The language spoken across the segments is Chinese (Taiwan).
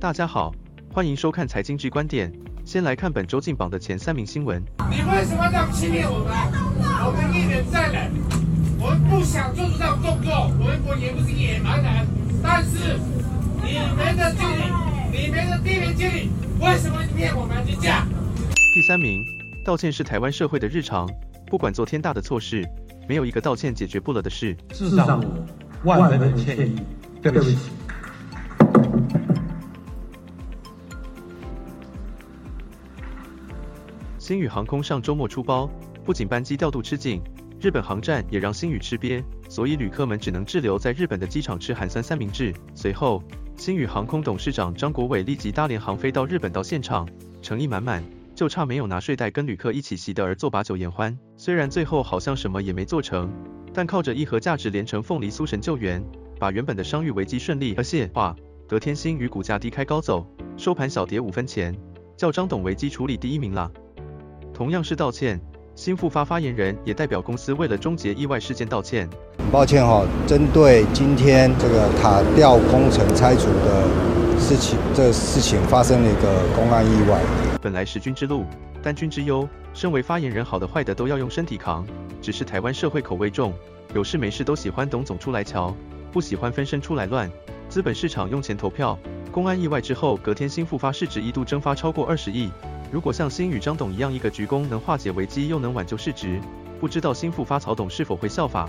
大家好，歡迎收看《財經 G 觀點》。先來看本周進榜的前三名新聞。你為什麼欺騙我們？我們一忍再忍，我們不想做出這種動作。我們也不是野蠻人，但是你們的經理，你們的地面經理，為什麼騙我們這樣？第三名，道歉是台灣社會的日常，不管做天大的錯事，沒有一個道歉解決不了的事。至少，萬分的歉意，對不起。星宇航空上週末出包，不僅班機調度吃緊，日本航站也讓星宇吃癟，所以旅客們只能滯留在日本的機場吃寒酸三明治。隨後，星宇航空董事長張國煒立即搭廉航飛到日本到現場，誠意滿滿，就差沒有拿睡袋跟旅客一起席地而坐把酒言歡。雖然最後好像什麼也沒做成，但靠着一盒價值連城鳳梨酥，神救援，把原本的商譽危機順利河蟹化。隔天星宇股價低開高走，收盤小跌五分錢，叫張董危機處理第一名了。同樣是道歉，興富發發言人也代表公司為了中捷意外事件道歉。很抱歉哈、哦，針對今天這個塔吊工程拆除的事情，這個、事情發生了一個工安意外。本來食君之祿、擔君之憂，身為發言人，好的壞的都要用身體扛。只是台灣社會口味重，有事沒事都喜歡董總出來喬，不喜歡分身出來亂。資本市場用錢投票，工安意外之後，隔天興富發市值一度蒸發超過二十億。如果像星宇張董一樣，一個鞠躬能化解危機，又能挽救市值，不知道興富發曹董是否會效法？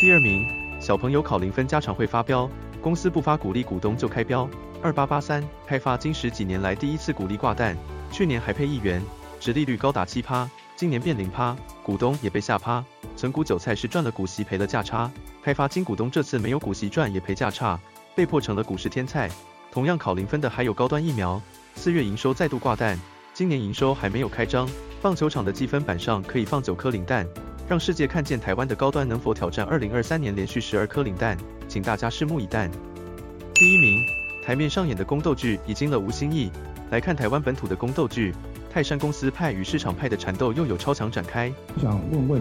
第二名，小朋友考零分，家長會發飆，公司不發股利，股東就開飆。二八八三，開發金十幾年來第一次股利掛蛋，去年還配一元，殖利率高達七趴，今年變零趴，股東也被嚇趴。存股韭菜是賺了股息，賠了價差，開發金股東這次沒有股息賺，也賠價差，被迫成了股市天菜。同樣考零分的還有高端疫苗，四月營收再度掛蛋。今年營收還沒有開張，棒球場的計分板上可以放九顆零蛋，讓世界看見台灣的高端能否挑戰二零二三年連續十二顆零蛋，請大家拭目以待。第一名，台面上演的宮鬥劇已經了無新意，來看台灣本土的宮鬥劇，泰山公司派與市場派的纏鬥又有超強展開。我想問問，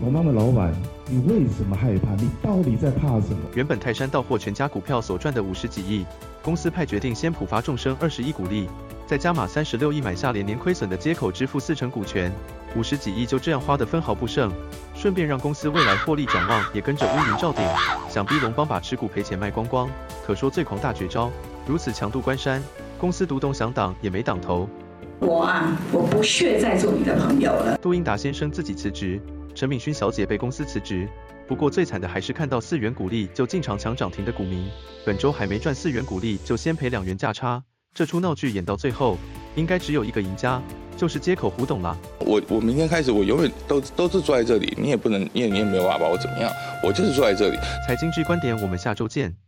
我媽媽老板，你為什麼害怕？你到底在怕什麼？原本泰山倒貨全家股票所賺的五十幾億。公司派決定先普發眾生二十億股利，再加碼三十六億買下連年虧損的街口，支付四成股權，五十幾億就這樣花得分毫不剩，順便讓公司未來獲利展望也跟着烏雲罩頂。想逼龍邦把持股賠錢賣光光，可說最狂大絕招。如此強渡關山，公司獨董想擋也沒擋頭。我啊，我不屑再做你的朋友了。杜英達先生自己辭職。陳敏薰小姐被公司辭職，不過最慘的還是看到四元股利就進場搶漲停的股民，本周還沒賺四元股利就先賠兩元價差，這出鬧劇演到最後，應該只有一個贏家，就是街口胡董了。我我明天開始，我永遠都都是坐在這裡，你也不能，因為你也沒有辦法，把我怎麼樣，我就是坐在這裡。財經 G 觀點，我們下周見。